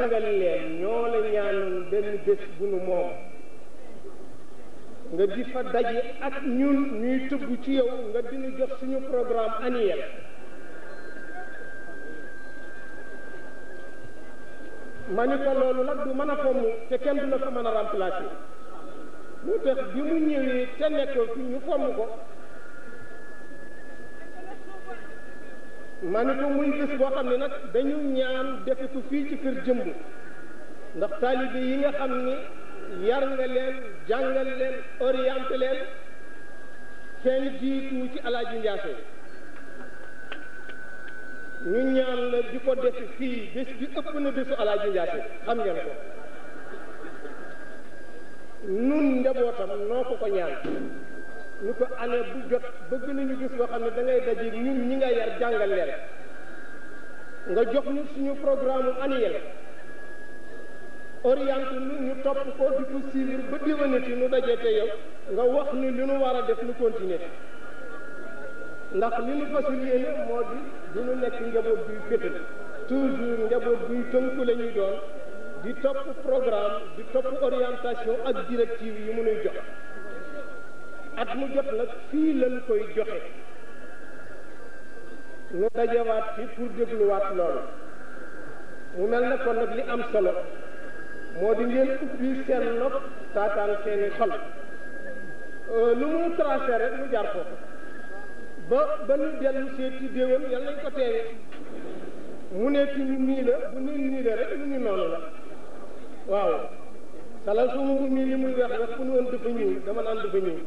jàngal leen ñoo la ñaanoon benn bés bu nu moom nga di fa daje ak ñun ñuy tëgg ci yow nga dina jox suñu programme annuel ma ko loolu nag du mën a fomm te kenn du la ko mën a remplacer mu tax bi mu ñëwee te nekkoo ñu fomm ko ma ne ko muy bés boo xam ne nag dañu ñaan defe fii ci kër jëmb ndax taalibe yi nga xam ni yar nga leen jàngal leen orienté leen kenn jiitu ci alaaji Njaase ñu ñaan la di ko defe fii bés bi ëpp na bésu alaaji Njaase xam ngeen ko nun njabootam noo ko ko ñaan ñu ko ane bu jot bëgg nañu gis loo xam ne da ngay daje ñi nga yar jàngal leen nga jox ñu suñu programme annuel orienté ñu ñu topp ko di ko suivre ba déwénati nu dajee te nga wax ni li nu war def nu continuer ndax li nu fasul yéene moo di nu nekk njaboot buy fétal toujours njaboot buy tënku ñuy doon di topp programme di topp orientation ak directive yi mu nuy jox at mu jot nag fii lañ koy joxe ñu dajawaat fi pour dégluwaat loolu mu mel na kon nag li am solo moo di ngeen ubbi seen nopp taataan seeni xol euh, lu mu tracé rek mu jar ko ba ba ñu dellu seeti déwén yàlla nañ ko teewe mu nekk ñu nii la bu ñu nii la rek ñu noonu la waaw kala suma mbubb mi li muy weex weex ku ñu woon dafa ñëw dama naan dafa ñëw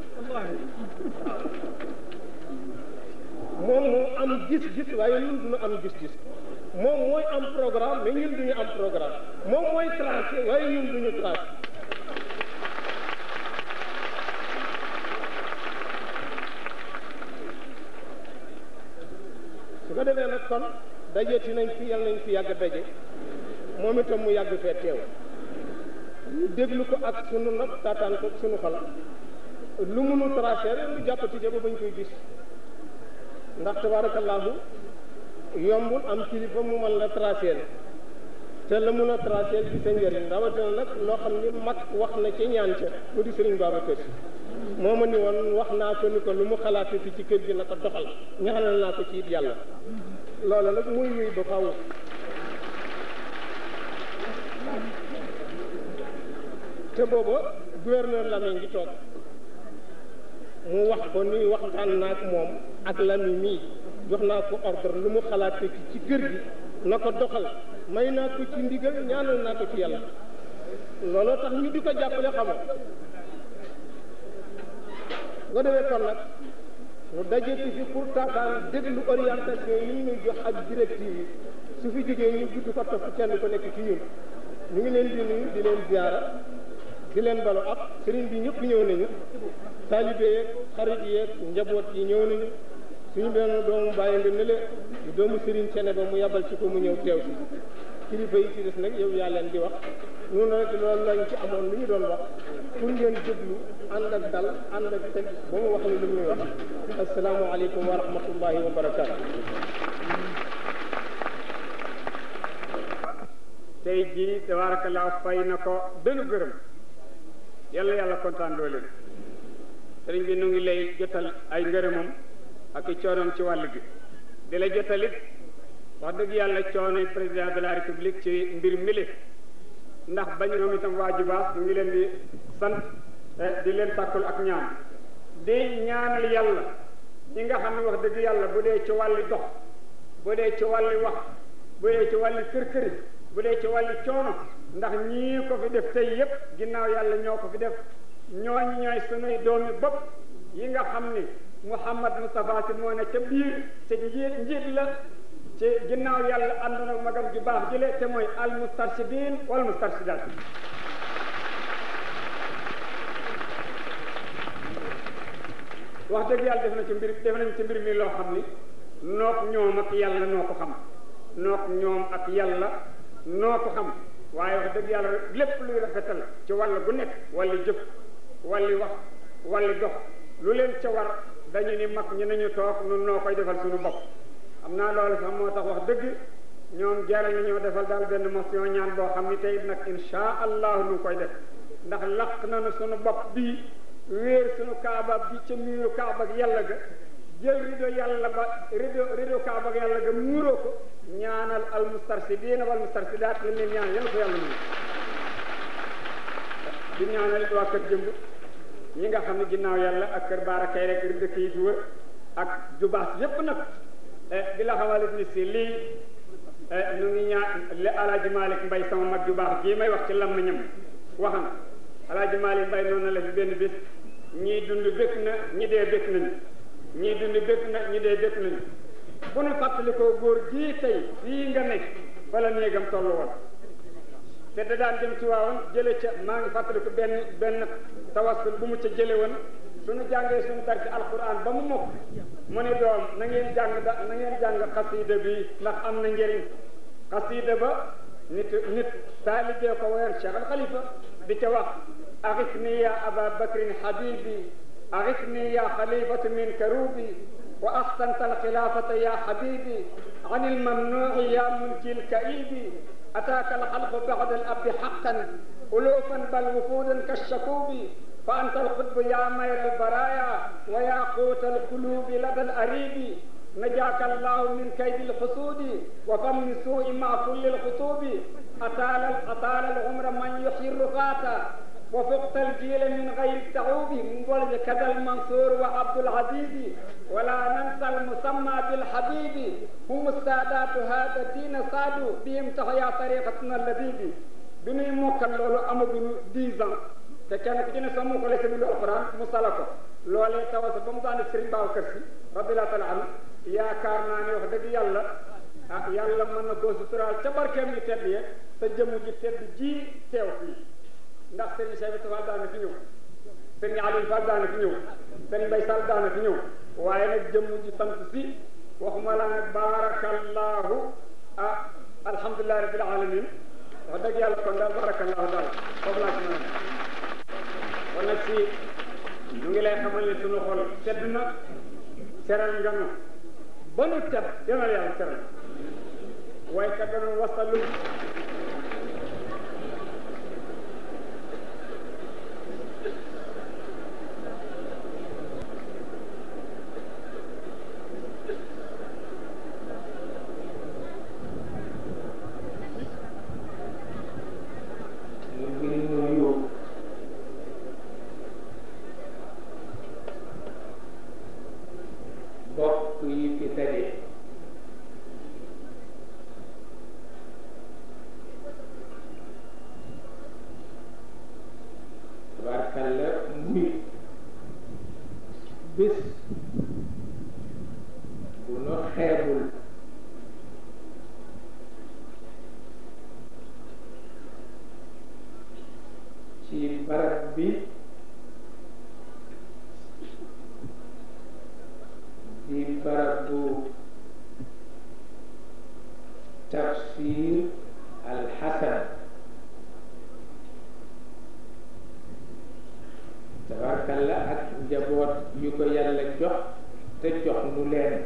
moom moo am gis-gis waaye ñun duñu am gis moom mooy am programme mais ñun duñu am programme moom mooy tracé waaye ñun duñu tracé su ko defee nag kon daje ti nañ fi yal nañ fi yàgg daje moom itam mu yàgg fee teew déglu ko ak sunu nopp taataan ko sunu xol lu munu tracé lu jàpp ci ba bañ koy gis ndax tabaarakallaahu yombul am kilifa mu man la tracé te la mun a tracé bi sa njëriñ rawatina nag loo xam ni mag wax na ci ñaan ca mu di sëriñ Babacar Si moo ma ni woon wax naa ko ni ko lu mu xalaatati ci kër gi na ko doxal ñaanal naa ko ci it yàlla loola nag muy wéy ba faaw te booba gouverneur Lamine ngi toog mu wax ko nuy waxtaan naa ak moom ak Lamine mii jox naa ko ordre lu mu xalaatee ci kër gi na ko doxal may naa ko ci ndigal ñaanal naa ko ci yàlla looloo tax ñu di ko jàppale xamoo nga demee kon nag mu dajati fi pour taataan déglu orientation yi ñu jox ak directive yi su fi jógee ñu gudd ko topp kenn ko nekk ci ñun ñu ngi leen di nuyu di leen ziara di leen balu ak sëriñ bi ñëpp ñëw nañu taalibe yeeg xarit yeeg njaboot yi ñëw nañu suñu benn doomu bàyyi nga nële di doomu sëriñ cene ba mu yabal ci ko mu ñëw teew si kilifa yi ci des nag yow yaa leen di wax noonu rek lañ ci amoon lu ñu doon wax pour ngeen déglu ànd ak dal ànd ak teg ba mu wax ni lu ñuy wax asalaamualeykum wa rahmatullahi wa barakaatu. tey jii tabaarakallah fay na ko benn gërëm yàlla yàlla kontaan loo leen sëriñ bi nu ngi lay jotal ay ngërëmam ak i ci wàll gi di la jotalit wax dëgg yàlla coono président de la république ci mbir mili ndax bañ ñoom itam waa Jubaas ñu ngi leen di sant eh, di leen sàkkul ak ñaan di ñaanal yàlla ñi nga xam ne wax dëgg yàlla bu dee ci wàll dox bu dee ci wàll wax bu dee ci wàll kër këri bu dee ci wàllu coono ndax ñii ko fi def tey yépp ginnaaw yàlla ñoo ko fi def ñooñ ñooy sunuy doomi bopp yi nga xam ni Muhammad Mustafa si moo ne ca biir te njiit njiit la ci ginnaaw yàlla ànd na magam ju baax jële te mooy al mustarshidin wal mustarshidat wax dëgg yàlla def na ci mbir def nañ ci mbir mi loo xam ni nook ñoom ak yàlla noo ko xam nook ñoom ak yàlla noo ko xam waaye wax dëgg yàlla lépp luy rafetal ci wàll gu nekk wàllu jëf wàllu wax wàllu dox lu leen ca war dañu ni mag ñu nañu toog nun noo koy defal suñu bopp am naa loolu sax moo tax wax dëgg ñoom jaral nañoo defal daal benn motion ñaan boo xam ni tey nag insha allahu nu koy def ndax laq nañu suñu bopp bii wéer suñu kaaba bi ca miiru kaaba yàlla ga jël rido yàlla ba rido rido kaaba yàlla ga muuroo ko ñaanal al mustarsidiina wal mustarsidaat li leen ñaan yéen ko yàlla mu di ñaanal waa kër jëmb ñi nga xam ne ginnaaw yàlla ak kër baara kay rek dëkk yi fi wër ak jubaas yépp nag eh, di la xamale ni si lii nu eh, ngi ñaan li alaaji Malick Mbay sama mag ju baax jii may wax ci làmmiñam wax alaaji Malick Mbay noonu la fi benn bis ñii dund bëgg na ñi dee bëgg nañu ñii dund bëgg na ñi dee bëgg nañu bu nu fàttalikoo góor gii tey fii nga nekk bala néegam tollu woon te da daan ci waawoon jële ca maa ngi fàttaliku benn benn tawasul bu mu ca jële woon suñu jàngee suñu darsi alquran ba mu mokk mu ne doom na ngeen jàng da na ngeen bi ndax am na njëriñ xasiida ba nit nit taalibee ko woyoon Cheikh al Khalifa di ca wax axis ni yaa aba bakrin habibi axis ni yaa وأحسنت الخلافة يا حبيبي عن الممنوع يا منجي الكئيب أتاك الخلق بعد الأب حقا ألوفا بل وفودا كالشكوب فأنت القطب يا مير البرايا ويا قوت القلوب لدى الأريب نجاك الله من كيد الحسود وفم سوء مع كل الخطوب أطال أطال العمر من يحيي الرفاة وفقت الجيل من غير التعوب من ولد كذا المنصور وعبد العزيز ولا ننسى المسمى بالحبيب هم السادات هذا الدين صادوا بهم تحيا طريقتنا اللذيذ بني موكل لولو أما بن ديزان تكانت جنة سموك ليس من القرآن مصالكو لولي تواسى بمضان السرين باو كرسي رب لا تلعن يا كارناني وحدك يلا آه، يلا من نقول سترال تبركم يتبيه تجمو جتب جي تيوفي ndax sëriñ Cheikh Moustapha daana fi ñëw sëriñ Aliou Fall daana fi ñëw sëriñ Mbaye Sall daana fi ñëw waaye nag jëmm ji sant si waxuma laa nag barakallahu ah alhamdulilahi rabbil alamin wax dëgg yàlla kon daal barakallahu daal foofu laa ci mën kon nag si ñu ngi lay xamal ne suñu xol sedd ko yàlla jox te jox nu leen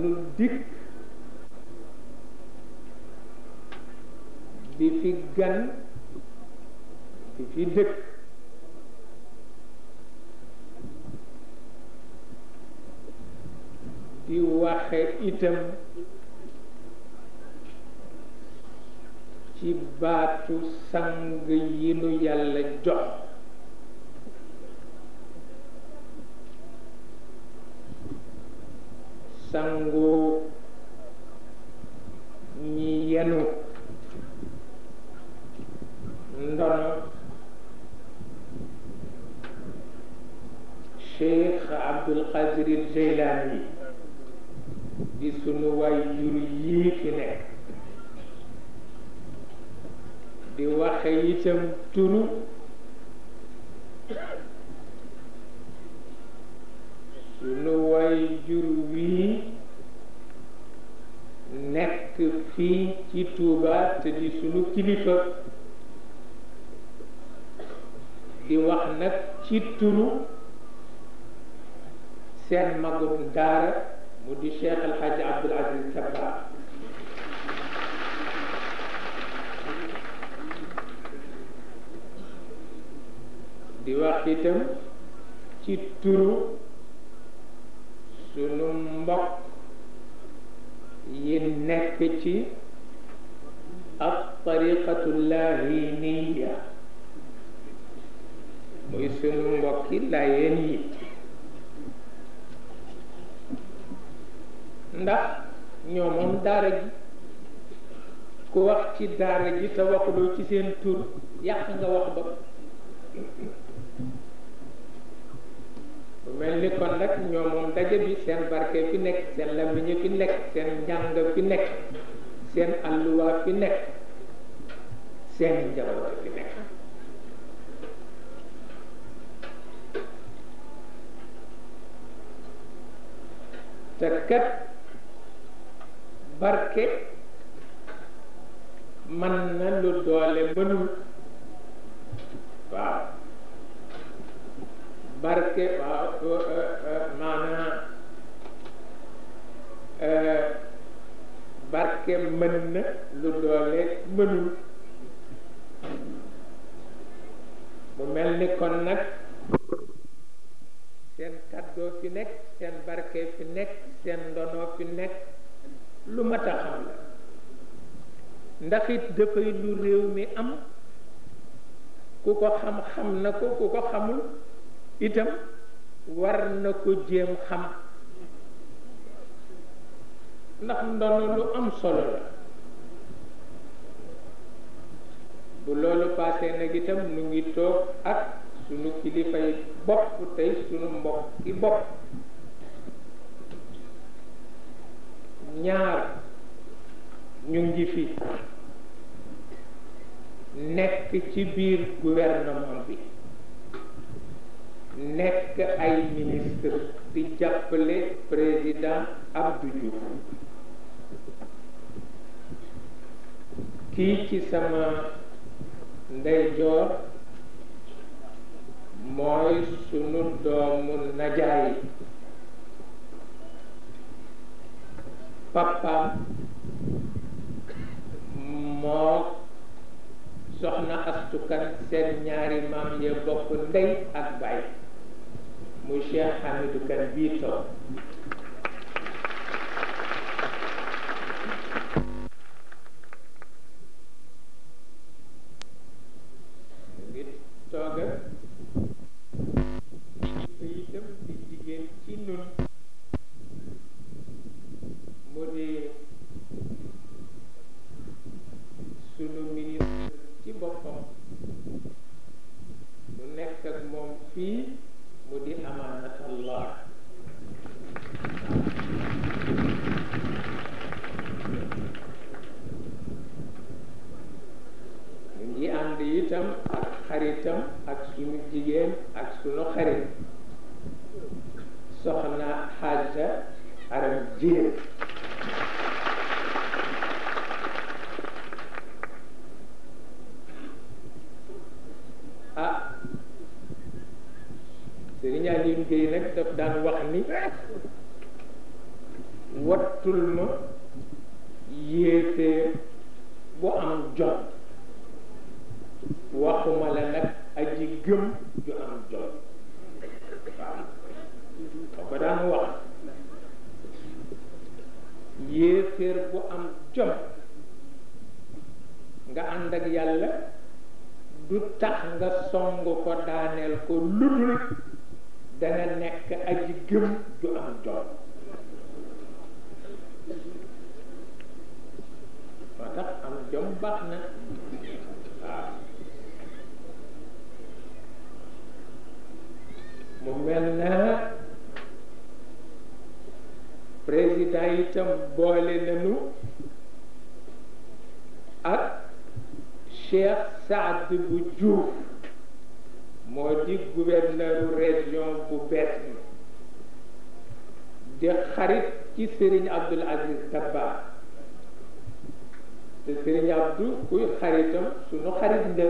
nu dikk di fi gan di fi dëkk di waxe itam sang yi nu yàlla jox tariqatul lahiniyya muy sunu mbokki layeen yi ndax ñoo moom daara ji ku wax ci daara ji te waxuloo ci seen tur yàq nga wax ba mel ni kon nag ñoo daje bi seen barke fi nekk seen lamiñe fi nekk seen njàng fi nekk seen alluwa fi nekk seeni njaboot bi nekk te kat barke mën na lu doole mënul waaw barke waaw maanaam barke mën na lu doole mënul mu mel ni kon nag seen kàddoo fi nekk seen barke fi nekk seen ndonoo fi nekk lu mat a xam la ndax dafay lu réew mi am ku ko xam-xam na ko ku ko xamul itam war na ko jéem xam ndax ndono lu am solo la bu loolu paase nag itam nu ngi toog ak sunu kilifay bopp tey sunu mbokki bopp ñaar ñu ngi fi nekk ci biir gouvernement bi nekk ay ministre di jàppale président Abdou Diouf kii ci sama jor moy sunu doomu najay papa mo soxna astukan sen ñaari mam ye ya bokk ndey ak bay mu Cheikh Hamidou Kan bi tok du tax nga song ko daaneel ko ludul danga nekk aji gëm du am jom moo tax am jom baax na waaw mu mel na président itam boole nanu ak Cheikh Saad Boudjouf Diouf moo di gouverneuru région bu bees bi di xarit ci Serigne Abdoul Aziz Dabba te Serigne Abdou kuy xaritam sunu xarit la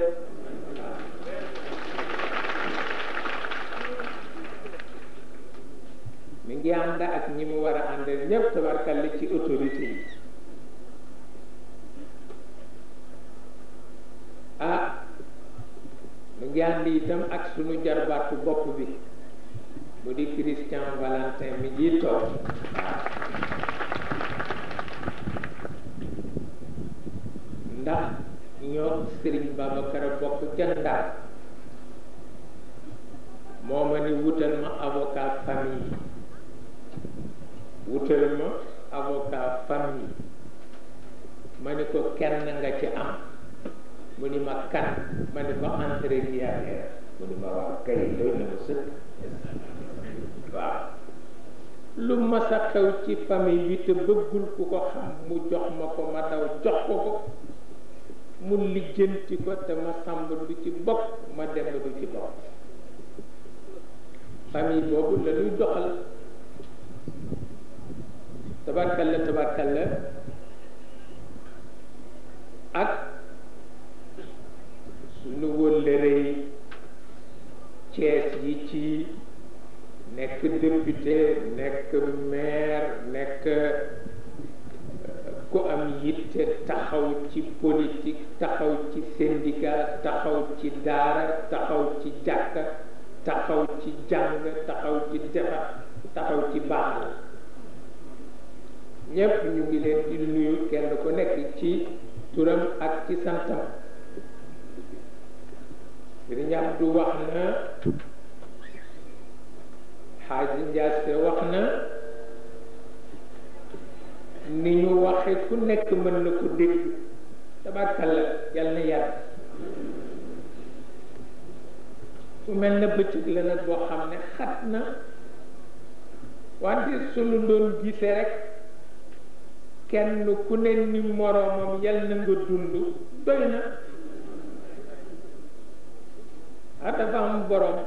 mi ngi ànd ak ñi mu war a àndal ñëpp tabarkal ci autorité yi ah mu ngi ànd ak sunu jarbaatu bopp bi mu di Christian Valentin mi ji toog ndax ñoo Serigne Babacar bokk ca Ndar moo ni wutal ma avocat famille wutal ma avocat famille ma ni ko kenn nga ci am mu ni ma kan ma ni ko entrée qui arrière mu ni ma wax kay doy na ma sëkk waaw lu mas a xew ci famille bi te bëggul ku ko xam mu jox ma ko ma daw jox ko ko mu lijjanti ko te ma sàmb du ci bokk ma dem du ci bokk famille boobu la ñuy doxal tabarkalla tabarkalla ak Cees yi ci nekk député nekk maire nekk ku am yitte taxaw ci politique taxaw ci syndicat taxaw ci daara taxaw ci jàkka taxaw ci jàng taxaw ci defar taxaw ci baax la ñépp ñu ngi leen di nuyu kenn ku nekk ci turam ak ci santam Sëriñ Abdu wax na Xaaji Njaase wax na ni ñu waxe ku nekk mën na ko dégg tabarkalla yàlla na yàgg fu mel na bëccëg la boo xam ne xat na wante sunu doon gise rek kenn ku ne ni moroomam yàlla na nga dund doy na ah dafa am boroom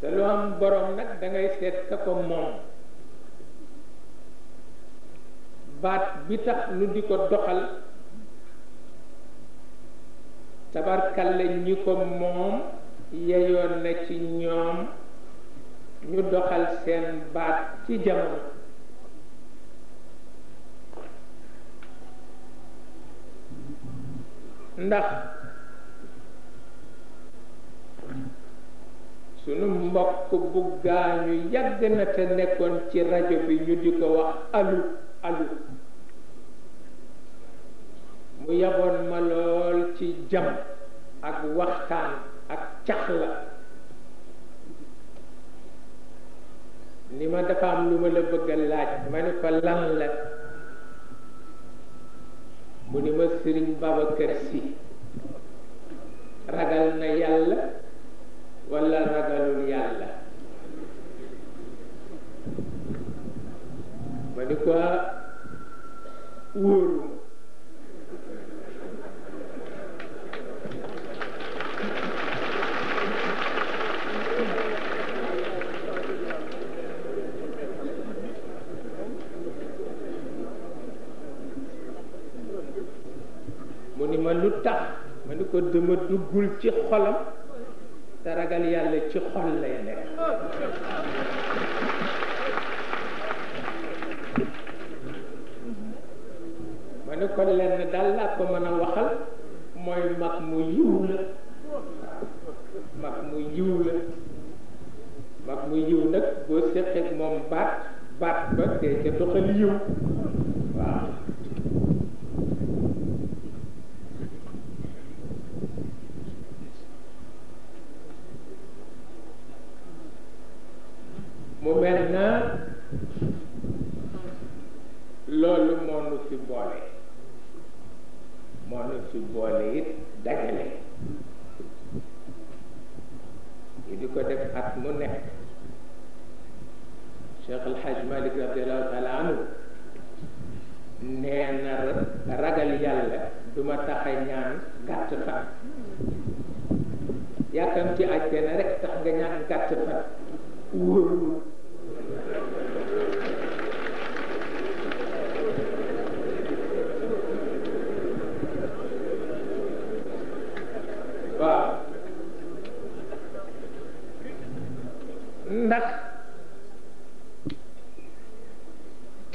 te lu am borom nag dangay ngay seet ka ko moom baat bi tax nu di ko doxal tabarkalla ñi ko moom yeyoon na ci ñoom ñu doxal seen baat ci jamono ndax sunu mbokk bu gaañu yàgg na te nekkoon ci rajo bi ñu di ko wax alu alu mu yaboon ma lool ci jam ak waxtaan ak caxla ni ma dafa am lu ma la bëgg laaj ma ne ko lan la mu ni ma sëriñ Babacar Si ragal na yàlla wala ragalul yàlla ma ni ko ah, wóoruma mu ni ma lu tax ma ni ko dama duggul ci xolam te ragal yàlla ci xol lay nekk ma ko lenn daal laa ko mën a waxal mooy mag mu yiw la mag mu yiw la mag mu yiw nag boo séqeek moom baat baat ba te ca doxal yiw wér na loolu moo nu fi boole moo nu fi boole it dajale yi di ko def at mu nekk Cheikh El Hadj Malick radiallahu taala anhu nee ragal yàlla duma taxa ñaan gàtt fan yàkkam ci àjjana rek tax nga ñaan gàtt fan wóorul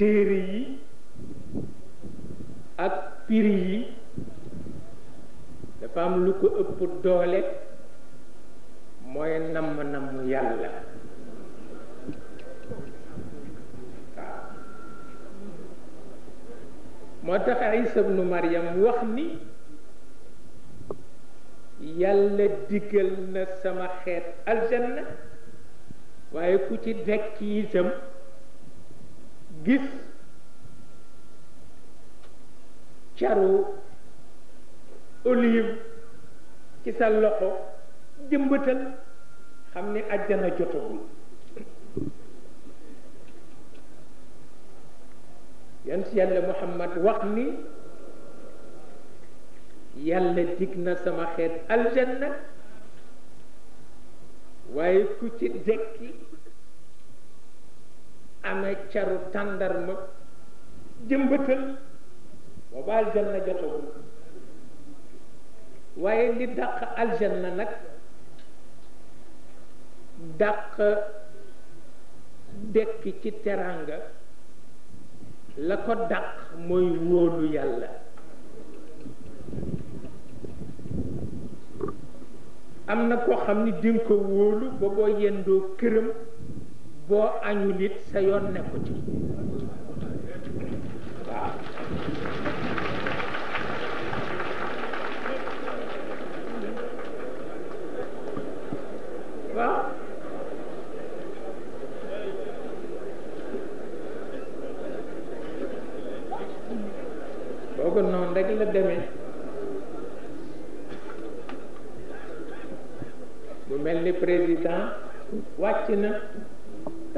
téere yi ak piri yi dafa am lu ko ëpp doole mooy namm namm yàlla moo tax Isa bnu Maryam wax ni yàlla diggal na sama xeet aljanna waaye ku ci dekk itam gis caru olive ci sa loxo jëmbatal xam ne àjjana jotagul yan si yàlla muhammad wax ni yàlla dig na sama xeet aljanna waaye ku ci dekki ame caru tàndarma jëmbatal booba aljanna jotagul waaye li dàq aljanna nag dàq dekki ci teranga la ko dàq mooy wóolu yàlla am na koo xam ni dinga ko wóolu ba boo yendoo këram bo añu nit sa yoon nekku ci waaw waaw boo noonu rek la demee mel ni président wàcc na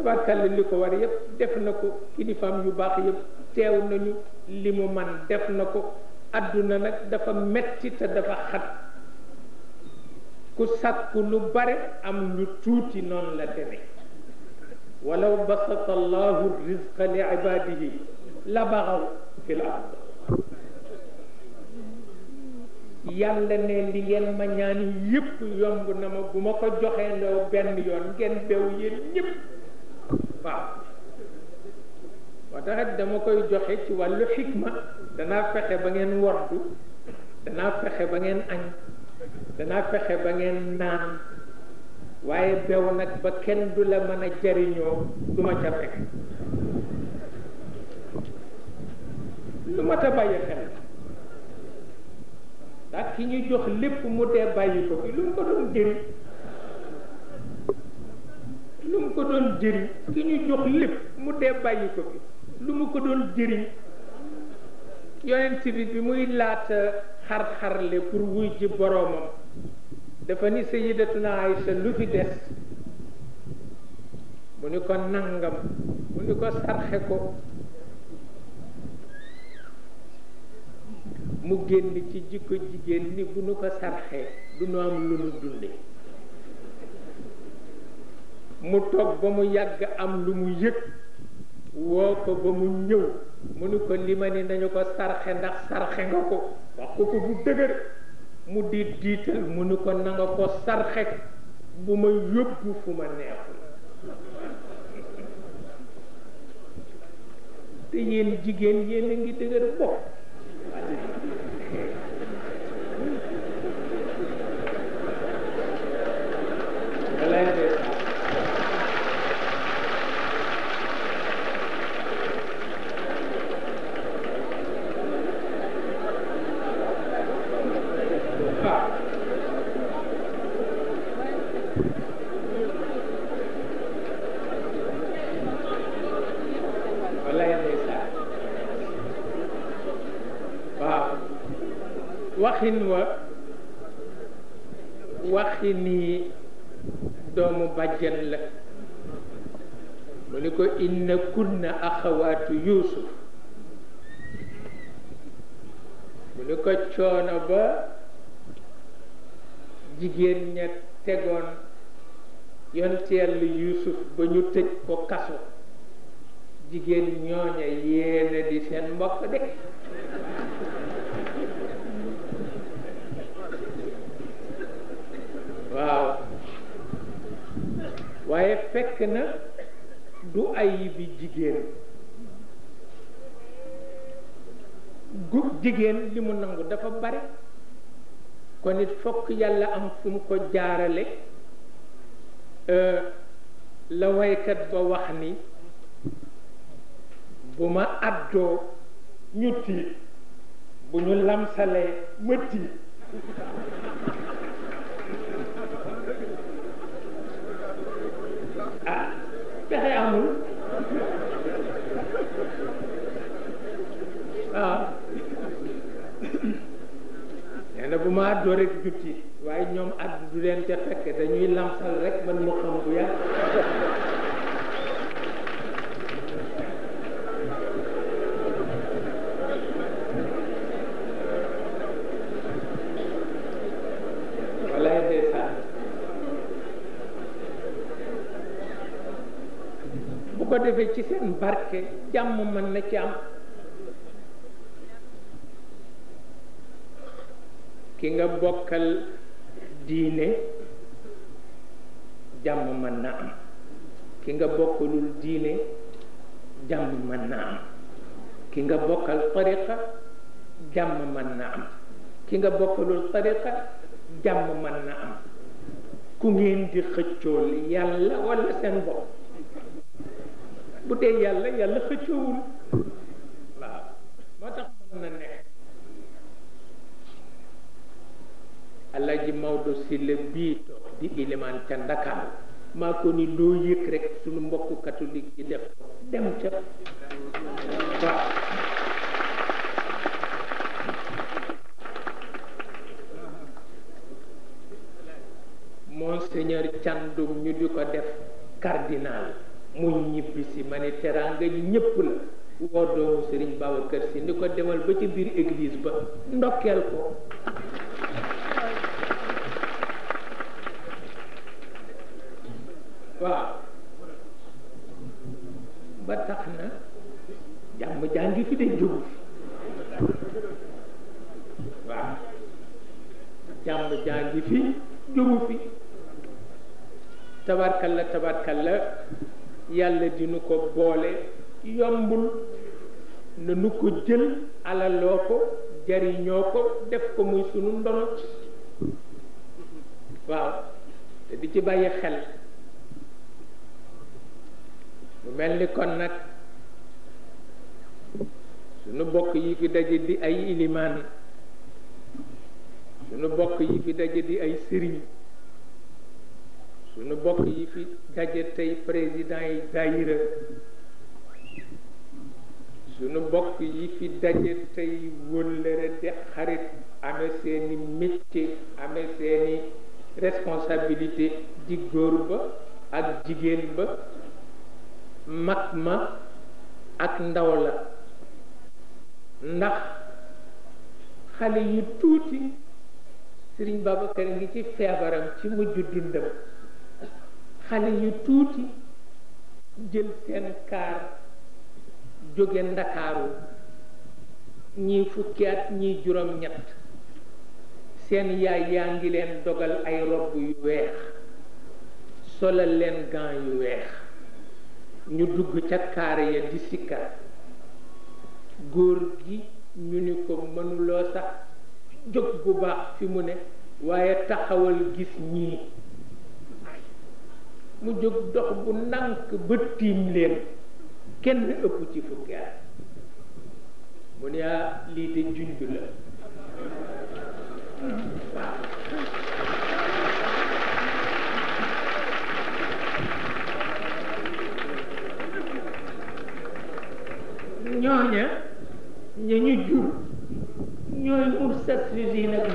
tabarkàlla li ko war yëpp def na ko kilifaam yu baax yépp teew nañu li mu man def na ko àdduna nag dafa metti dafa xat ku sàkku lu bare am lu tuuti noonu la deme walaw basata allahu rizqa li ibadihi la baxaw fi yàlla ne li ngeen ma ñaan yëpp yomb na ma bu ma ko joxee loo benn yoon ngeen bew yéen ñëpp taxit dama koy joxe ci wàllu xikma danaa fexe ba ngeen wordu danaa fexe ba ngeen añ danaa fexe ba ngeen naan waaye bew nag ba kenn du la mën a jariñoo du ma ca fekk lu ma ta bàyyi xel ndax ki ñu jox lépp mu dee bàyyi ko fi lu mu ko doon jëriñ lu mu ko doon jëriñ ki ñu jox lépp mu dee bàyyi ko fi lu mu ko doon jëriñ yonent bi bi muy laata xarxarle xarle pour wuy ji boroomam dafa ni sayidatuna Aïcha lu fi des mu ni ko nangam mu ni ko sarxe ko mu génn ci jikko jigéen ni bu nu ko sarxee du nu am lu nu dunde mu toog ba mu yàgg am lu mu yëg woo ko ba mu ñëw mu ni ko li nañu ko sarxe ndax sarxe nga ko wax ko ko bu dëgër mu di diital mu ni ko na ko sarxe bu ma yóbbu fu ma neexul te yéen jigéen yéen ngi dëgër bopp waxin wa waxini doomu bàjjan la mu ni ko inna kunna axawaatu yuusuf mu ni ko coono ba jigéen ña tegoon yonteel yuusuf ba ñu tëj ko kaso jigéen ñooña yéena di seen mbokk de waaw waaye fekk na du ayibi jigéen gu jigéen li mu nangu dafa bare kon nit fokk yàlla am fu ko jaarale euh, la waykat ba wax ni bu ma àddoo ñu tiit bu ñu lamsalee ma tiit amul waaw ah. nee na bu ma àddoo rek jub waaye ñoom àdd du leen ca fekk dañuy lamsal rek man mu xam bu yàgg defee ci seen barke jàmm man na ci am ki nga bokkal diine jàmm mën na am ki nga bokkalul diine jàmm mën na ki nga bokkal tariqa jàmm man na am ki nga bokkalul tariqa jàmm mën na am ku ngeen di xëccool yàlla wala seen bopp bu yalla yalla yàlla la ba tax mën na nekk alaji Maodo si la bi tok di iliman ca ndakaaru ma ko ni lo yek rek sunu mbokk catholique yi def dem ca monseigneur Thiandoum ñu di ko def cardinal mu ñibbi si ma ne teraanga ñëpp la woo doomu Serigne Babacar si ni ko demal ba ci biir église ba ndokkeel ko waaw ba tax na jàmm jàngi fi de jógu fi waaw jàmm jàngi fi jógu fi tabarkalla tabarkalla yàlla dinu ko boole yombul na nu ko jël alaloo ko jariñoo ko def ko muy sunu ndono waaw te di ci bàyyi xel mu mel ni kon nag sunu bokk yi fi daje di ay ilimaan sunu bokk yi fi daje di ay sëriñ suñu bokk yi fi daje tey président yi daayira suñu bokk yi fi daje tey wëllëre te xarit amee seeni métier amee seeni responsabilité di góor ba ak jigéen ba mag ma ak ndaw la ndax xale yu tuuti Sëriñ Babacar ngi ci feebaram ci mujj dundam xale yu tuuti jël seen kaar jóge ndakaaru ñi fukki at ñi juróom ñett seen yaay yaa ngi leen dogal ay robb yu weex solal leen gan yu weex ñu dugg ca kaar ya di sikka góor gi ñu ni ko mënuloo sax jóg bu baax fi mu ne waaye taxawal gis ñii mu jóg dox bu nànk ba tiim leen kenn ëpp ci fukki at mu ne ah, lii de junj la waaw ñooña ña ñu jur ñooy mursat si diin ak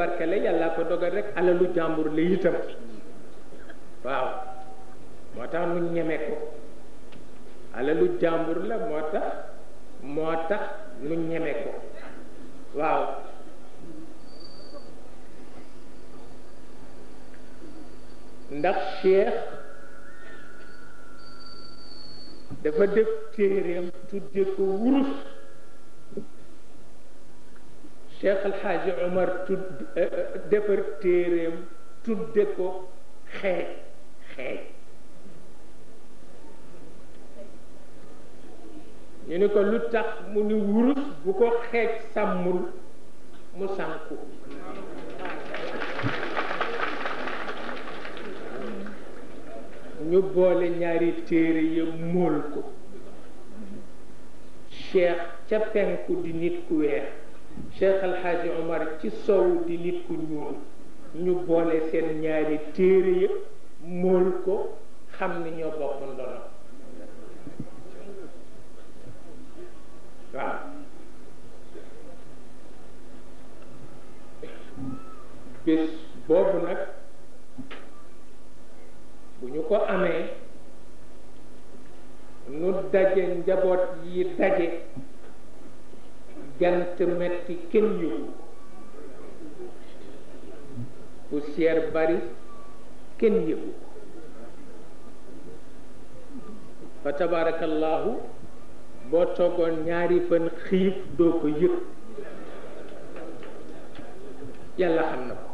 barkele yàllaa ko dogal rek alalu jàmbur la itam tudde ko xee xee ñu ni ko lu tax mu ni wurus bu ko xeej sàmmul mu sànku ñu boole ñaari téere ya móol ko cheikh ca penku di nit ku weex cheikh alxaaji omar ci sow di nit ku ñuul ñu boole seen ñaari téere yëpp mool ko xam ni ñoo bokk ndono waaw bés boobu nag bu ñu ko amee nu daje njaboot yi daje jant metti kenn yëgu poussière bari kenn yëgu fa tabarakallahu boo toogoon ñaari fan xiif doo ko yëg yàlla xam na ko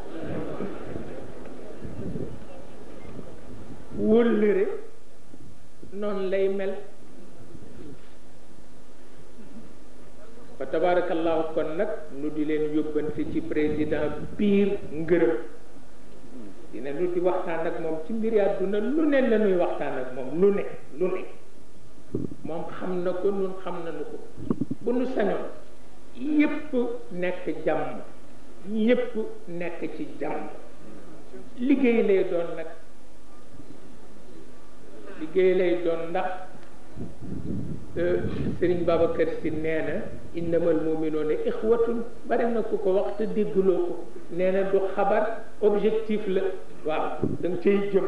wóllëre noonu lay mel fa tabarakallahu kon nag nu di leen yóbbante ci président biir ngërëm dina lu di waxtaan ak moom ci mbiri àdduna lu ne la ñuy waxtaan ak moom lu ne lu ne moom xam na ko nun xam nañu ko bu nu sañoon yépp nekk jàmm yépp nekk ci jàmm liggéey lay doon nag liggéey lay doon ndax Euh, sëriñ Babacar si nee na innamal mu'minuuna ixwatun bare na ku ko wax te déggloo ko nee na du xabar objectif la waaw da nga jëm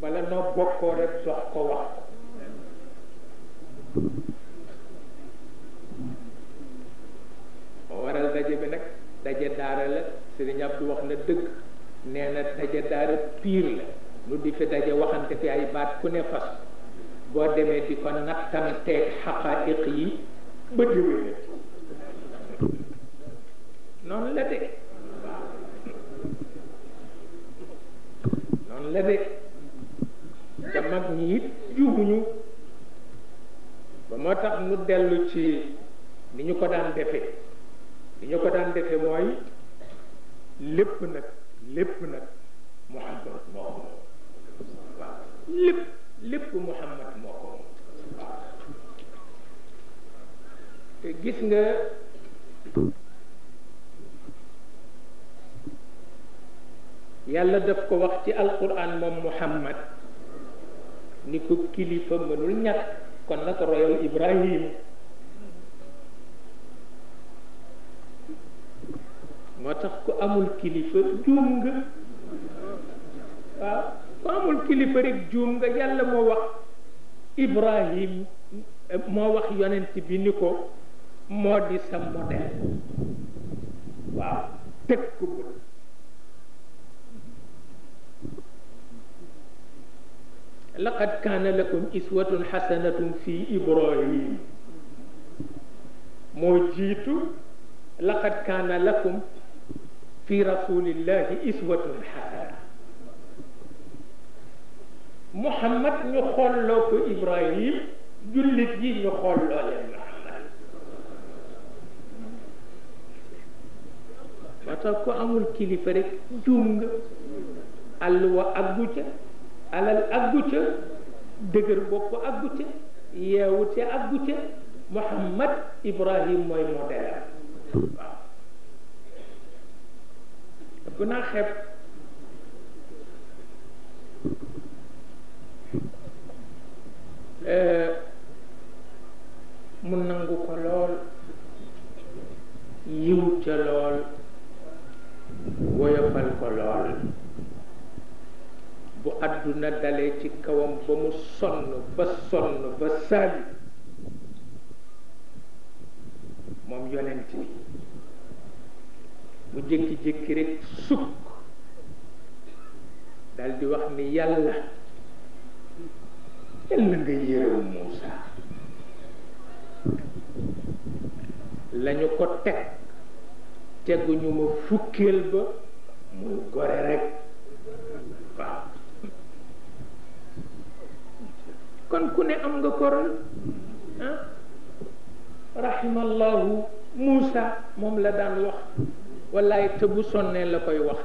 bala noo bokkoo rek sox ko wax moo waral daje bi nag daje daara la sëriñ Abdou wax na dëgg nee daje daara pire la nu di fi daje waxante fi ay baat ku ne fas boo demee di ko nattanteeg xaqaiq yi ba diwéne noonu la de noonu la de te mag ñi ba moo tax mu dellu ci ni ñu ko daan defe ni ñu ko daan defe mooy lépp nag lépp nag Muhammad moom lépp lépp Muhammad moo ko te gis nga yàlla daf ko wax ci alquran moom Muhammad ni ko kilifa mënul ñàkk kon nag royal Ibrahim moo tax ko amul kilifa juum waaw ko amul kilifa rek juum nga yàlla moo wax ibrahim moo wax yonent bi ni ko moo di sa modèle waaw tëkkugul laqad kaana lakum iswatun xasanatun fi ibrahim moo jiitu laqad kaana lakum fi rasulillahi iswatun xasana محمد نخلوك إبراهيم جلت جي نخلو يا محمد فتاكو أمو الكيلي فريك جنغ ألوى أبوك ألا الأبوك دقر بوكو أبوك يهوك أبوك محمد إبراهيم موي موديلا كنا خيب mu nangu ko lool yiw ca lool woyofal ko lool bu àdduna dalee ci kawam ba mu sonn ba sonn ba saali moom yonent bi mu jékki-jékki rek sukk dal di wax ni yàlla yàlla nga yërëm Moussa lañu ko teg teguñu ma fukkeel ba muy gore rek kon ku ne am nga koral ah rahimallahu moom la daan wax wallaay te bu sonnee la koy wax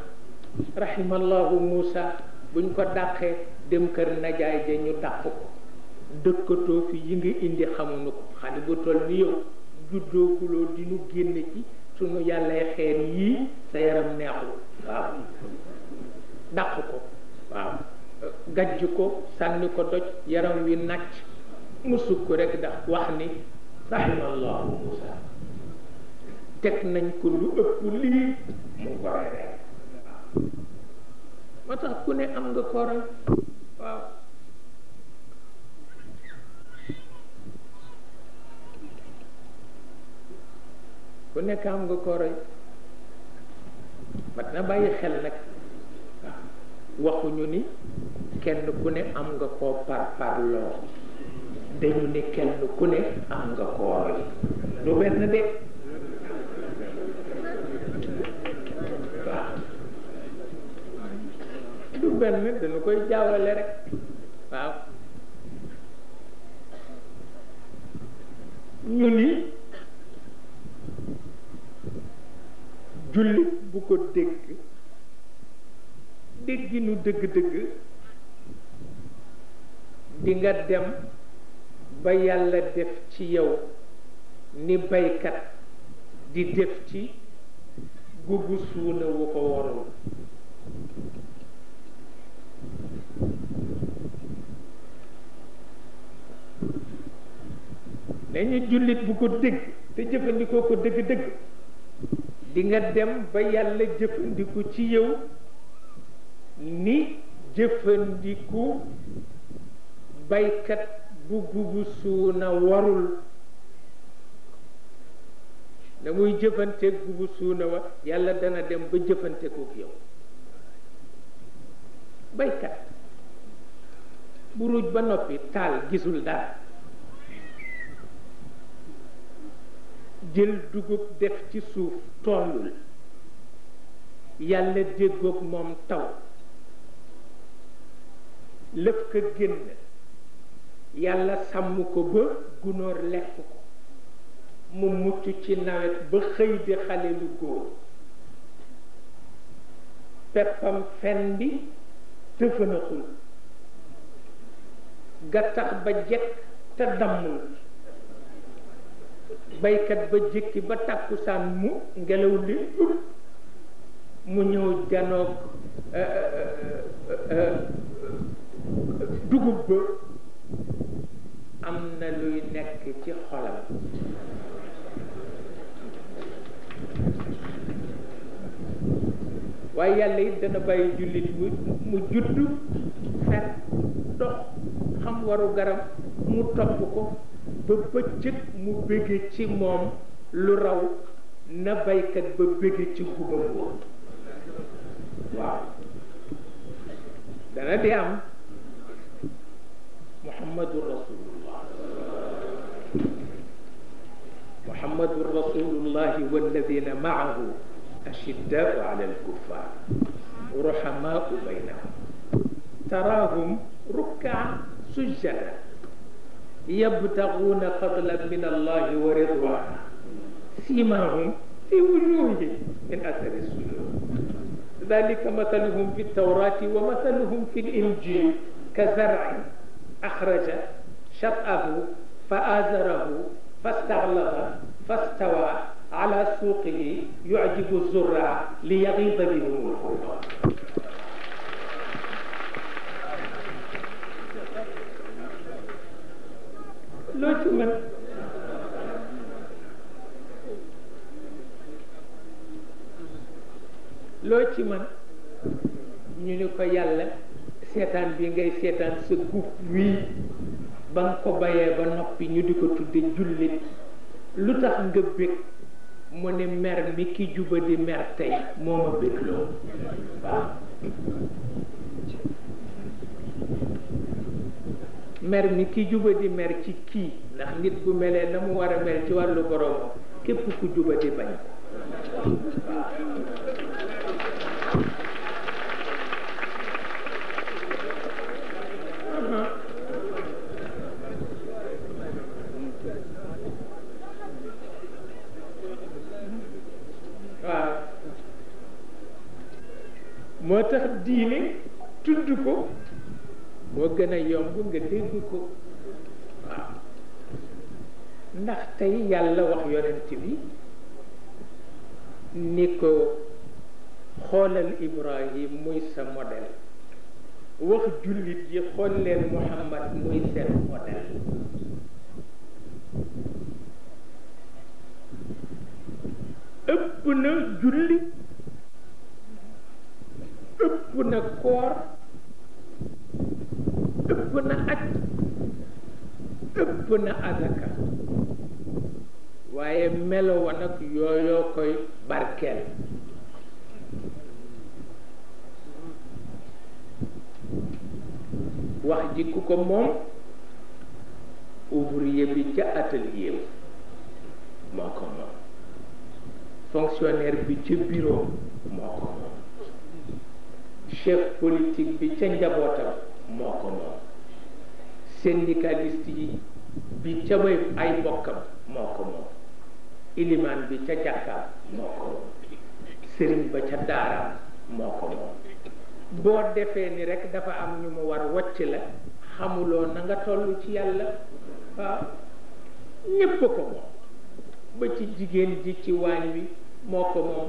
rahimallahu Moussa buñ ko dàqee dem kër najaay ja ñu tàpp ko dëkkatoo fi yi nga indi xamuñu ko xale bu toll ni yow juddookuloo di nu génn ci sunu yàllay xeer yii sa yaram neexul waaw dàq ko waaw gajj ko sànni ko doj yaram wi nàcc mu sukk rek ndax wax ni rahimallahu Musa teg nañ ko lu ëpp lii mu gore rek moo tax ku ne am nga kooram waaw ku nekk am nga kooroy mat na bàyyi xel nag waxuñu ni kenn ku ne am nga koo par parloo dañu ni kenn ku ne am nga kooroy du benn de du benn dañu koy jaawale rek waaw ñu ni jullit bu ko dégg déggi nu dëgg-dëgg di nga dem ba yàlla def ci yow ni baykat di def ci gugu suuna wu ko warul dañu jullit bu ko dégg te jëfandikoo ko dëgg-dëgg dinga dem ba yàlla jëfandiku ci yow ni jëfandiku baykat bu gubu suuna warul da muy jëfanteeg suuna wa yàlla dana dem ba jëfantekook yow baykat buruj ba noppi taal gisul dara jël dugub def ci suuf tooyul yàlla déggoog moom taw lëf ka génn yàlla sàmm ko ba gunóor lekk ko mu mucc ci nawet ba xëy di xale lu góor peppam fen bi ga tax ba jekk te dammul baykat ba jekki ba tàkkusaan mu ngelaw li dul mu ñëw euh dugub ba amna luy nekk ci xolam waye yalla it dana bàyyi julit mu judd fet dox xam waru garam mu topp ko ba bëccëg mu bége ci moom lu raw na baykat ba bége ci gubam woon waaw dana di am muhammadu rasulullah muhammadu rasulullahi walladina maahu ashiddaau ala alkuffar ruhamaau baynahum taraahum rukkaan سجدا يبتغون فضلا من الله ورضوانا سيماهم في وجوههم من اثر السجود ذلك مثلهم في التوراة ومثلهم في الإنجيل كزرع أخرج شطأه فآزره فاستغلظ فاستوى على سوقه يعجب الزرع ليغيظ بهم الكفار loo ci mën loo ci mën ñu ni ko yàlla seetaan bi ngay seetaan sa gub wii ba nga ko bayee ba noppi ñu di ko tudde jullit lu tax nga bég mu ne mer mi ki juba di mer tey moo bégloo waaw mer mi ki juba di mer ci kii ndax nit bu melee na mu war a mel ci wàllu borom képp ku juba di bañ gën a yomb nga dégg ko waaw ndax tey yàlla wax yonent bi ni ko xoolal Ibrahim muy sa modèle wax jullit yi xool leen Muhammad muy seen modèle ëpp na julli ëpp na koor ëpp na at ëpp na azaka waaye melo wa nag yooyoo koy barkeel wax ji ku ko moom ouvrier bi ca atelier moo ko moom fonctionnaire bi ca bureau moo ko moom chef politique bi ca njabootam moo ko moom syndicaliste yi bi ca may ay mbokkam moo ko moom ilimaan bi ca jàkkaam moo ko moom sëriñ ba ca daaraam moo ko moom boo defee ni rekk dafa am ñu mu war wacc la xamuloo na nga toll ci yàlla waaw ñépp ko moom ba ci jigéen ji ci waañ wi moo ko moom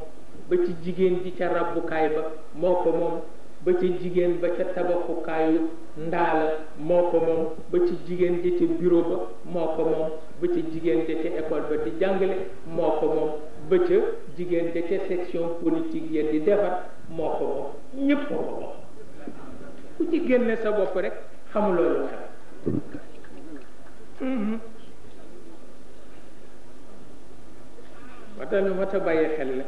ba ci jigéen ji ca rabukaay ba moo ko moom ba ci jigéen ba ca tabaxukaayu ndaala moo ko moom ba ci jigéen ja ca bureau ba moo ko moom ba ca jigéen ja ca école ba di jàngale moo ko moom ba ca jigéen ja ca section politique ya di defar moo ko moom ñépp ko moom ku ci génne sa bopp rek xamuloo lu xew wata mhm. lu mat a xel la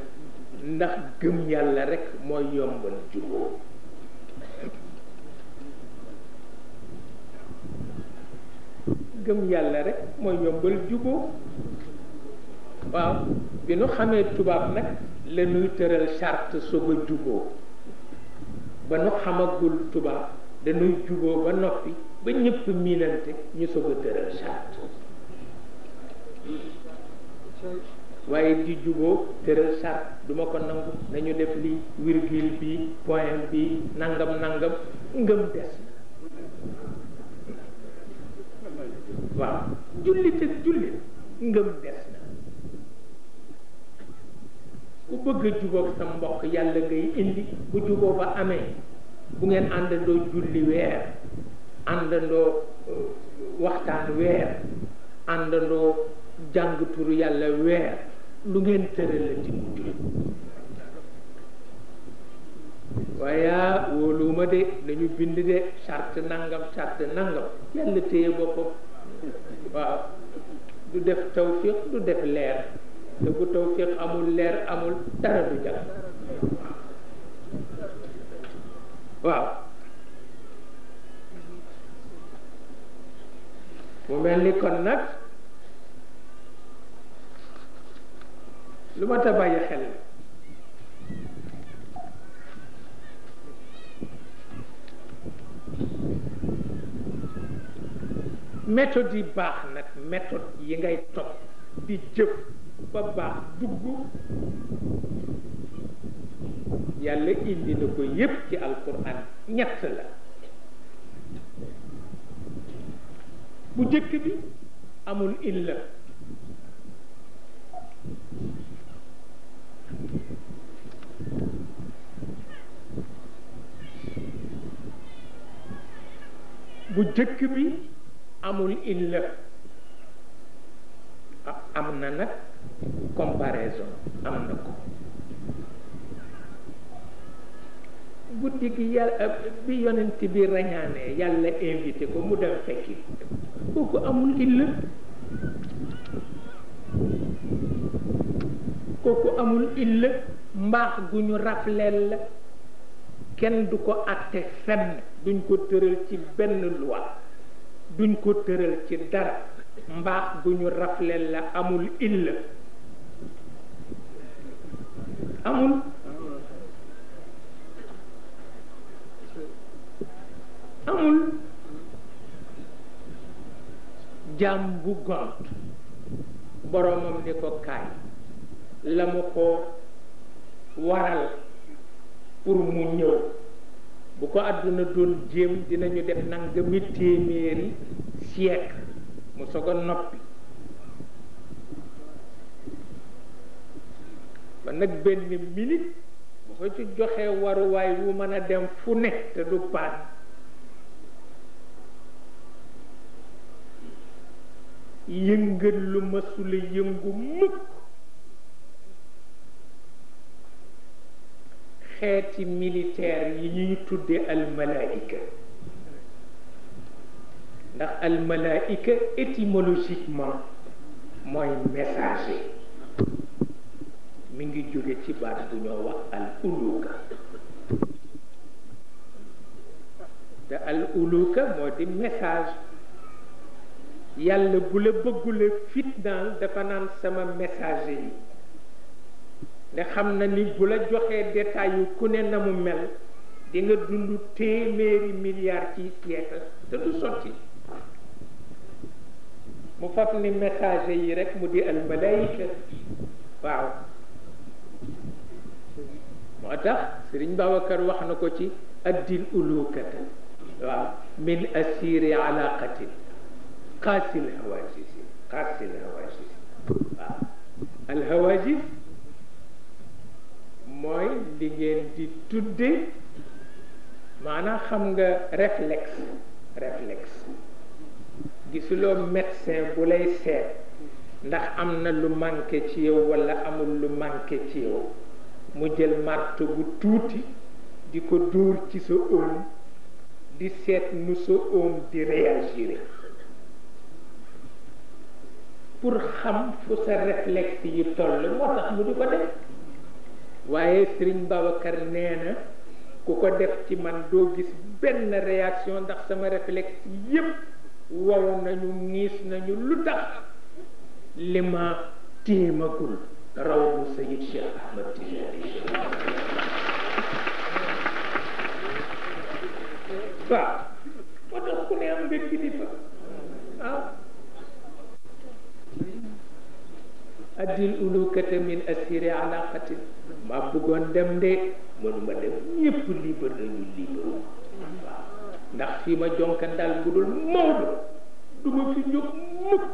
ndax gëm yàlla rek mooy yombal jubóo gëm yàlla rek mooy yombal juboo waaw bi nu xamee tubaab nag la tëral charte soog a juboo ba nu xamagul tubaab dañuy juboo ba noppi ba ñëpp miinante ñu soog a tëral charte waaye di juboo tëral charte duma ko nangu nañu def li virgule bi point bi nangam nangam ngëm des waaw jullit ak jullit ngëm des na ku bëgg a sa mbokk yàlla ngay indi bu jubóo ba amee bu ngeen àndandoo julli weer àndandoo euh, waxtaan weer àndandoo jàng yàlla weer lu ngeen tëralati mu julli waaye wóoluwuma de dañu bind de charte nangam charte nangam yàlla téye boppam waaw du def tawfiq du def leer te bu tawfiq amul leer amul dara du jàll waaw mu mel ni kon nag lu ma ta bàyyi xel méthode yi baax nag méthode yi ngay topp di jëf ba baax dugg yàlla indi na ko yépp ci alquran ñett la bu jëkk bi amul illa bu jëkk bi amul illa am na nag comparaison am na ko guddi gi yàlla bi yonent bi rañaanee yàlla invité ko mu dem fekki kooku amul illa kooku amul illa mbaax gu ñu rafleel kenn du ko àtte fenn duñ ko tëral ci benn loi duñ ko tëral ci dara mbaax gu ñu rafleel la amul illa amul amul jaam bu gont boromam ni ko kaay la mu ko waral pour mu ñëw bu ko àdduna doon jéem dinañu def nangami téeméeri siècle mu soog a noppi ba nag benn minute bu ko ci joxee waruwaay wu mën a dem fu ne te du paan yëngal lu masula yëngu mukk xeeti militaire yi ñuy tudde almalaïka ndax almalaïka étymologiquement mooy messager mi ngi jóge ci baat bu ñoo wax al uluka te al uluka moo di message yàlla bu la bëggula fitnaal dafa naan sama messager yi ne xam na ni bu la joxee détail yu ku ne na mu mel di nga dund téeméeri milliards ci siècle te du sotti mu faf ni message yi rek mu di al malaika waaw moo tax sëriñ Babacar wax na ko ci addil ulukata waaw min asiri alaqatin qaasil hawajisi qaasil hawajisi waaw al hawajis mooy li ngeen di tudde maanaa xam nga réflexe réflexe gisuloo médecin bu lay seet ndax am na lu manqué ci yow walla amul lu manqué ci yow mu jël marto bu tuuti di ko dóor ci sa oom di seet nu sa oom di réagir pour xam fu sa réflexe yi toll moo tax mu di ko def waaye Sëriñ Babacar nee na ku ko def ci man doo gis benn réaction ndax sama réflexe yépp wow nañu niis nañu lu tax li ma tiimagul raw bu Sayid Cheikh Ahmad Tijani waaw moo tax ku ne am nga kilifa waaw ah. addil ulukata min assiri alaqatin ma bëggoon dem de mënuma dem ñépp libre nañu libre ndax fii ma jonka daal bu dul Maodo du ma fi jóg mukk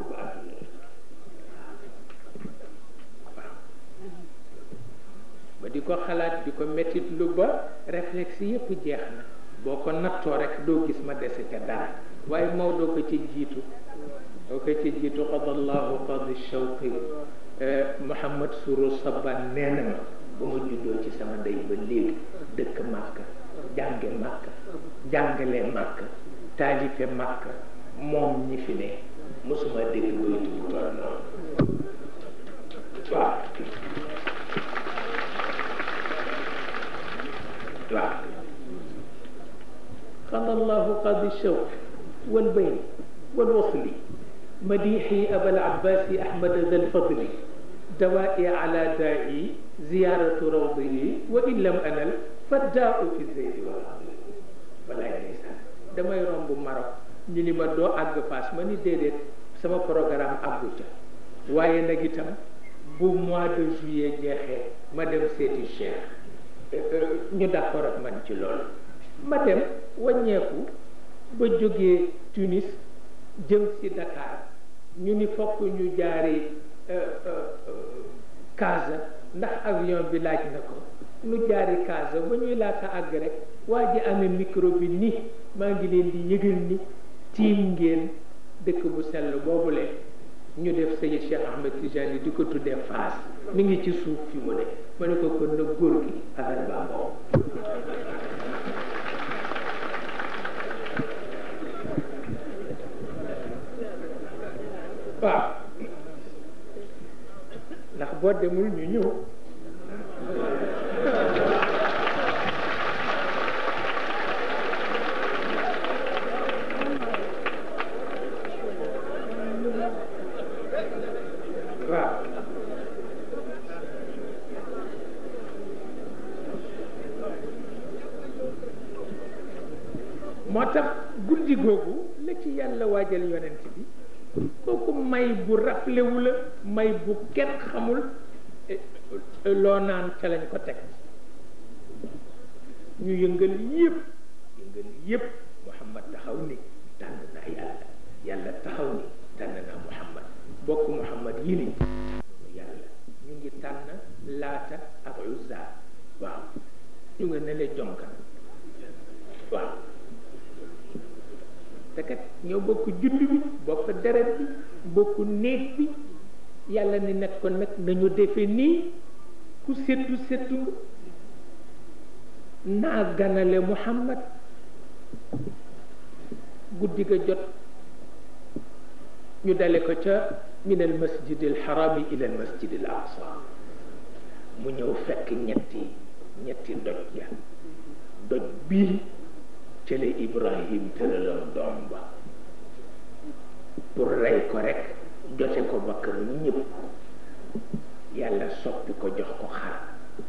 ba di ko xalaat di ko mettit lu ba reflex yépp jeex na boo ko nattoo rek doo gis ma dese ca dara waaye Maodo ko ci jiitu doo ko ci jiitu qadallahu qadi shawqi Eh, Mouhamad Sourou Saban nee ma ba ma juddoo ci sama ndey ba léegi dëkk màkk jànge màkk jàngale màkk taalife màkk moom ñi mosuma dégg baytu bu toll noonu waaw waaw xana allahu qadi shawq wal bayn wal مديحي أبا العباس أحمد ذا الفضل دوائي على دائي زيارة روضه وإن لم أنل فالداء في الزيت والعظيم walaay ndeysaan damay romb Maroc ñu ni doo àgg Fass ma ni déedéet sama programme àggu waaye nag itam bu mois de juillet jeexee ma dem seeti Cheikh euh, ñu d'accord ak man ci loolu ma dem wàññeeku ba jógee Tunis jëm si Dakar ñu ni fokk ñu jaari euh, euh, euh, Casa ndax avion bi laaj na ko ñu jaari Casa ba ñuy laata àgg rek waa ji amee micro bi ni maa ngi leen di yëgal ni tiim ngeen dëkk bu sell boobu leen ñu def sëñ Cheikh Ahmed Tijani di ko de Fass mu ngi ci suuf fi mu ne ma ne ko kon na góor gi affaire baa waaw ndax boo demul ñu ñëw moo tax guddi googu la ci yàlla waajal yonent bi kooku may bu rappelewul la may bu kenn xamul eh, eh, loo naan ca lañ ko teg ñu yëngal yëpp yëngal yëpp Muhammad taxaw ni tànn naa yàlla yàlla taxaw ni tànn naa Muhammad bokk Muhammad yi ni yàlla ñu ngi tànn laata ak uzza waaw ñu nga ne jonkan waaw te ñëw bokk jund bi bokk deret bi bokk néeg bi yàlla ni nag kon nag nañu defe nii ku séddu séddu naa ganale muhammad guddi ga jot ñu dale ko ca min al masjid al haram ila al masjid al aqsa mu ñëw fekk ñetti ñetti doj ya doj bii ci Ibrahim tëraloo doom ba pour rey ko rek jote ko bakkan ñëpp yàlla soppi ko jox ko xar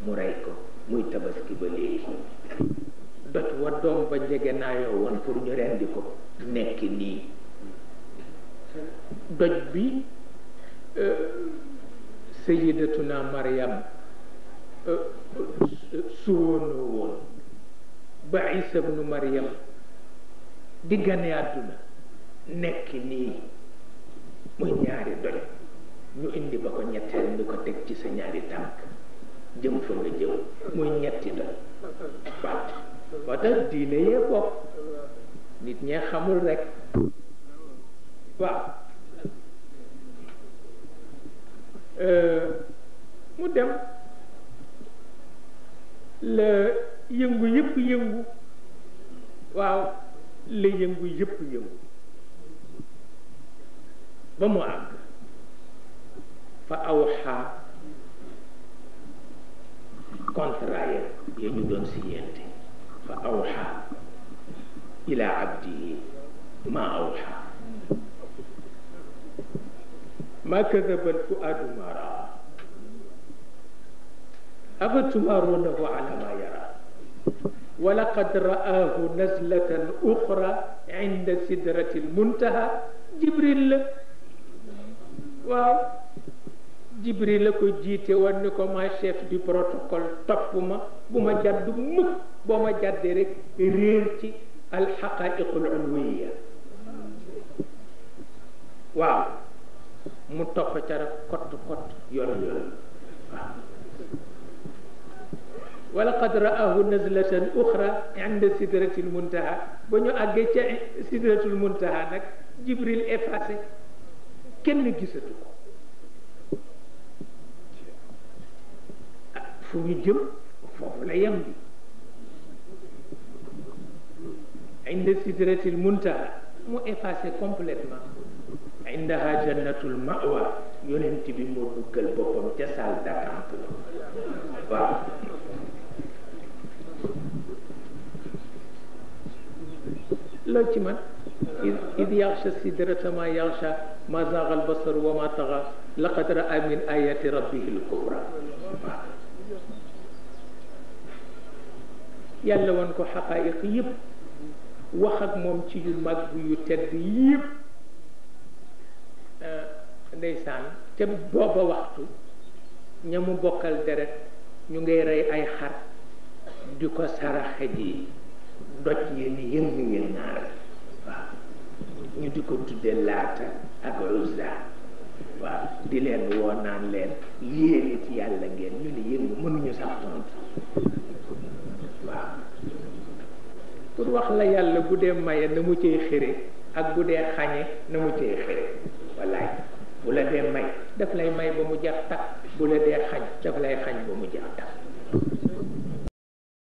mu rey ko muy tabaski ba léegi dot wa doom ba njege naayoo woon pour ñu rendi ko nekk nii doj bi euh, sayidatuna Maryam euh, euh, suwoonoo woon ba isa ibnu mariam di gane àdduna nekk nii muy ñaari doj ñu indi ba ko ñetteel ni ko teg ci sa ñaari tànk jëm fa nga jëm muy ñetti doj waaw diine yee bopp nit ñee xamul rek waaw euh, mu dem la yëngu yëpp yëngu waaw la yëngu yëpp yëngu ba mu àgg fa awxaa contrat ya ñu doon si yente fa awxaa ila abdihi ma awxaa ma kadaba al fuaadu ma raa أفتمارونه على ما يرى ولقد رآه نزلة أخرى عند سدرة المنتهى جبريل و جبريل كي جيتي ونكو ما شيف دي بروتوكول توبما بوما جاد مك بوما جاد ريك ريرتي الحقائق العلويه واو مو كت كت كوت كوت ولقد رآه نزلة أخرى عند سدرة المنتهى بنيو أجيت سدرة المنتهى نك جبريل إفاسي كن جسدو فمي جم فوف لا عند سدرة المنتهى مو إفاسي كومبليتمان عندها جنة المأوى يونتي بمو بوكل بوبم تسال دكاتره لو تمن إذ يغشى السدرة ما يغشى ما زاغ البصر وما طغى لقد رأى من آيات ربه الكبرى يلا ونكو حقائق يب وخد ممتي المدب يتد يب آه، نيسان تب بابا وقتو نمو بوكال درت ñu ngay rey ay xar di doj yi ni yëngu ñu naar ñu di ko tudde laata ak uzza waaw di leen woo naan leen yéene ci yàlla ngeen ñu ni yéen mënuñu sax tontu waaw pour wax la yàlla bu dee maye na mu cay xëre ak bu dee xañe na mu cay xëre wallaay bu la dee may daf lay may ba mu jax tak bu la dee xañ daf lay xañ ba mu jax tak